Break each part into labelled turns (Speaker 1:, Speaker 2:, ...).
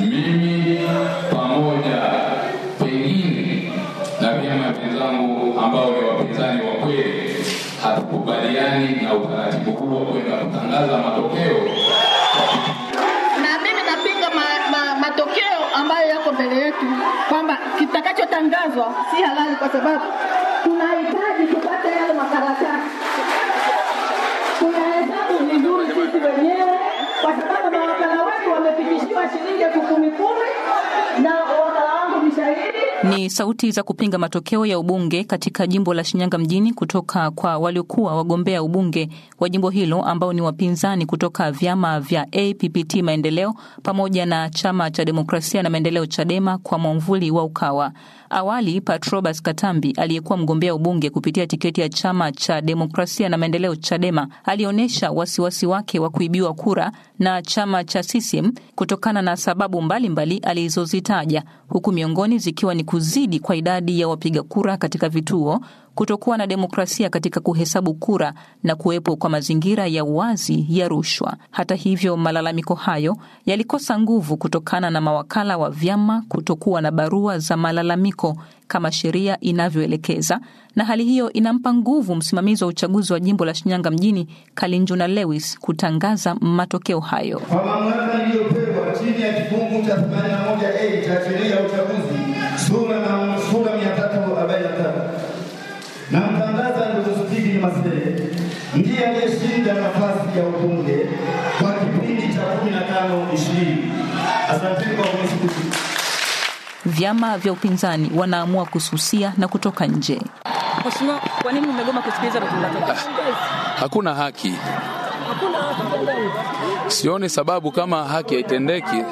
Speaker 1: mimi pamoja pengine na vyama venzangu ambao ni wapinzani wa kweli hatukubaliani na utaratibu huu wa kwenda kutangaza matokeo na mimi napinga ma, ma, matokeo ambayo yako mbele yetu kwamba kitakachotangazwa si halali kwa sababu tunahitaji tupate yale makaratasi tunahesabu vizuri sisi wenyewe kwa sababu mawakala wetu wamepitishiwa shilingi elfu Ni sauti za kupinga matokeo ya ubunge katika jimbo la Shinyanga mjini kutoka kwa waliokuwa wagombea ubunge wa jimbo hilo ambao ni wapinzani kutoka vyama vya APPT Maendeleo pamoja na chama cha demokrasia na maendeleo Chadema kwa mwamvuli wa Ukawa. Awali, Patrobas Katambi aliyekuwa mgombea ubunge kupitia tiketi ya chama cha demokrasia na maendeleo Chadema alionyesha wasiwasi wake wa kuibiwa kura na chama cha CCM kutokana na sababu mbalimbali alizozitaja huku miongoni zikiwa ni kuzidi kwa idadi ya wapiga kura katika vituo, kutokuwa na demokrasia katika kuhesabu kura na kuwepo kwa mazingira ya wazi ya rushwa. Hata hivyo, malalamiko hayo yalikosa nguvu kutokana na mawakala wa vyama kutokuwa na barua za malalamiko kama sheria inavyoelekeza, na hali hiyo inampa nguvu msimamizi wa uchaguzi wa jimbo la Shinyanga mjini Kalinjuna Lewis kutangaza matokeo hayo kwa mamlaka iliyopewa chini ya kifungu cha 81A cha sheria mzee ndiye aliyeshinda nafasi ya ubunge kwa kipindi cha 15 20. Asanteni kwa kunisikiza. Vyama vya upinzani wanaamua kususia na kutoka nje. Mheshimiwa, kwa nini mmegoma kusikiliza? Ah, hakuna haki Sioni sababu kama haki haitendeki,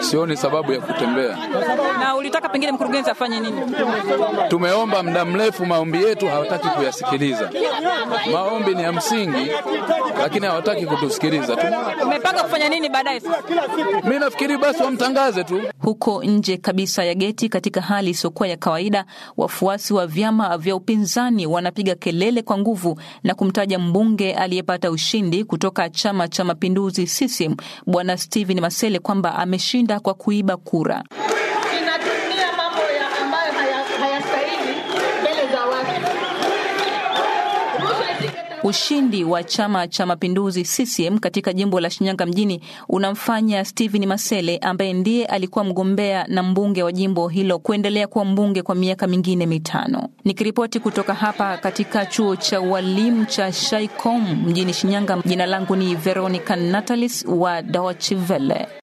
Speaker 1: sioni sababu ya kutembea. Na ulitaka pengine mkurugenzi afanye nini? Tumeomba muda mrefu, maombi yetu hawataki kuyasikiliza. Maombi ni ya msingi, lakini hawataki kutusikiliza tu. Umepanga kufanya nini baadaye? Mimi nafikiri basi wamtangaze tu huko nje kabisa ya geti. Katika hali isiyokuwa ya kawaida, wafuasi wa vyama vya upinzani wanapiga kelele kwa nguvu na kumtaja mbunge aliyepata ushindi kutoka Chama cha Mapinduzi CCM Bwana Steven Masele kwamba ameshinda kwa kuiba kura. Ushindi wa Chama cha Mapinduzi CCM katika jimbo la Shinyanga mjini unamfanya Stephen Masele ambaye ndiye alikuwa mgombea na mbunge wa jimbo hilo kuendelea kuwa mbunge kwa miaka mingine mitano. Nikiripoti kutoka hapa katika chuo cha ualimu cha Shaikom mjini Shinyanga, jina langu ni Veronica Natalis wa Deutsche Welle.